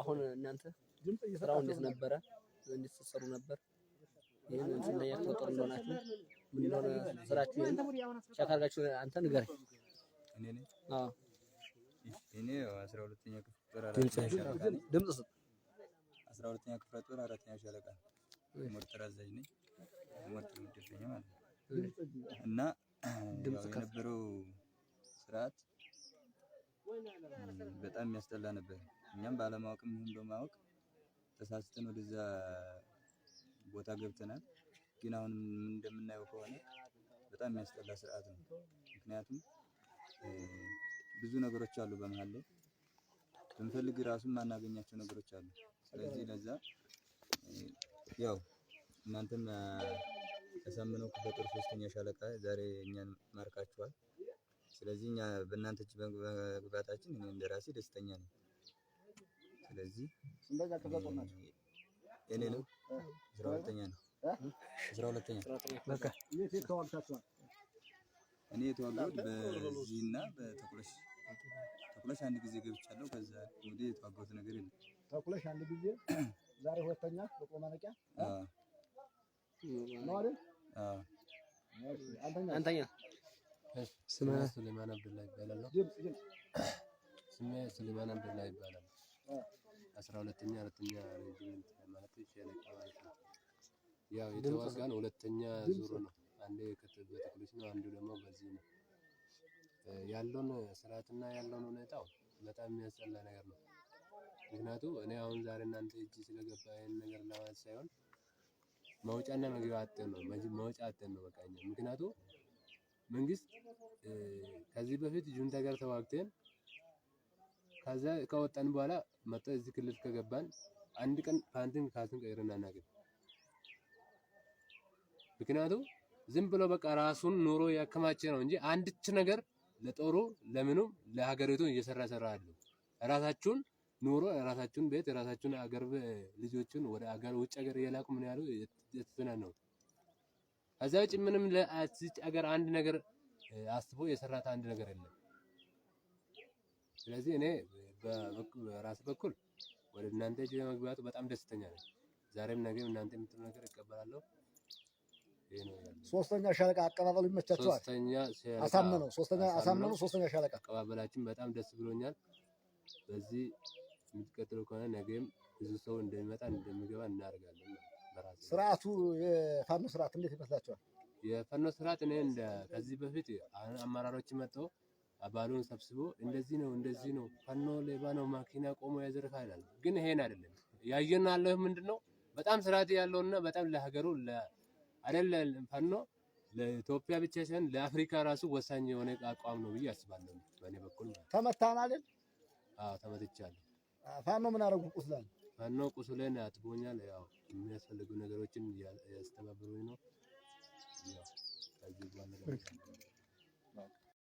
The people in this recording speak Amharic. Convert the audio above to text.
አሁን እናንተ ስራው እንዴት ነበረ? እንዴት ስትሰሩ ነበር? ይህን እንትን ላይ ያተወጠሩ እንደሆናችሁ ምን እንደሆነ ስራችሁ ሻክ አንተ ንገረኝ። እኔ አስራ ሁለተኛ ክፍለ ጦር አራተኛ ሻለቃ ሞርተር አዛዥ ነኝ። ሞርተር ምድርኛ ማለት ነው። እና የነበረው ስርዓት በጣም የሚያስጠላ ነበር። እኛም ባለማወቅም ይሁን በማወቅ ተሳስተን ወደዛ ቦታ ገብተናል። ግን አሁን እንደምናየው ከሆነ በጣም የሚያስጠላ ስርዓት ነው። ምክንያቱም ብዙ ነገሮች አሉ በመሀል ላይ ብንፈልግ ራሱ የማናገኛቸው ነገሮች አሉ። ስለዚህ ለዛ ያው እናንተም ተሳምነው ክፍለ ጦር ሶስተኛ ሻለቃ ዛሬ እኛን ማርካችኋል። ስለዚህ እኛ በእናንተ በመግባታችን እኔ እንደራሴ ደስተኛ ነኝ። ስለዚህ የኔ ነው አስራ ሁለተኛ ነው አስራ ሁለተኛ በቃ እኔ የተዋጋሁት በዚህ እና በተኩለሽ ተኩለሽ አንድ ጊዜ ገብቻለሁ። ከዛ ወዲህ የተዋጋሁት ነገር የለም። ተኩለሽ አንድ ጊዜ ዛሬ ሁለተኛ በቆማነቂያ ነው አይደል? አንተኛ ስሜ ሱሌማን አብዱላ ይባላል። ስሜ ሱሌማን አብዱላ ይባላል። አስራ ሁለተኛ አራተኛ ሬጅመንት ማለት ሻለቃ ማለት ነው። ያው የተዋጋን ሁለተኛ ዙር ነው። አንዱ በተክሎች ነው፣ አንዱ ደግሞ በዚህ ነው። ያለውን ስርዓትና ያለውን ሁኔታው በጣም የሚያስጠላ ነገር ነው። ምክንያቱም እኔ አሁን ዛሬ እናንተ እጅ ስለገባ ይህን ነገር ለማለት ሳይሆን መውጫና መግቢያ አጥተን ነው መውጫ አጥተን ነው በቃ። ምክንያቱም መንግስት ከዚህ በፊት ጁንታ ጋር ተዋግተን ከዛ ከወጣን በኋላ መጥቶ እዚህ ክልል ከገባን አንድ ቀን ፓንትን ካትን ቀይረን አናገኝ። ምክንያቱም ዝም ብሎ በቃ ራሱን ኑሮ ያከማቸ ነው እንጂ አንድች ነገር ለጦሩ ለምኑም ለሀገሪቱ እየሰራ ሰራ አለ። ራሳችሁን ኑሮ ራሳችሁን ቤት ራሳችሁን አገር ልጆችን ወደ አገር ውጭ አገር እየላቁ ምን ያሉ የተሰና ነው። ከዛ ውጭ ምንም ለዚች አገር አንድ ነገር አስቦ የሰራት አንድ ነገር የለም። ስለዚህ እኔ በራስ በኩል ወደ እናንተ እጅ በመግባቱ በጣም ደስተኛ ነኝ። ዛሬም ነገም እናንተ የምትሉ ነገር እቀበላለሁ። ሶስተኛ ሻለቃ አቀባበሉ ይመቻቸዋል። አሳመነው ሶስተኛ ሻለቃ አቀባበላችን በጣም ደስ ብሎኛል። በዚህ የምትቀጥለው ከሆነ ነገም ብዙ ሰው እንደሚመጣ እንደሚገባ እናደርጋለን። ስርዓቱ የፋኖ ስርዓት እንዴት ይመስላቸዋል? የፋኖ ስርዓት እኔ እንደ ከዚህ በፊት አመራሮች መጥተው አባሉን ሰብስቦ እንደዚህ ነው እንደዚህ ነው ፈኖ ሌባ ነው ማኪና ቆሞ ያዘርፋ ይላል። ግን ይሄን አይደለም ያየን አለህ ምንድነው በጣም ስርዓት ያለውና በጣም ለሀገሩ አይደለም ፈኖ ለኢትዮጵያ ብቻ ሳይሆን ለአፍሪካ ራሱ ወሳኝ የሆነ አቋም ነው ብዬ አስባለሁ። በእኔ በኩል ተመታን አይደል? አዎ ተመትቻለሁ። ፋኖ ምን አደረጉ? ቁስላል ፋኖ ቁስሌን አጥቦኛል። ያው የሚያስፈልጉ ነገሮችን ያስተባብሩኝ ነው።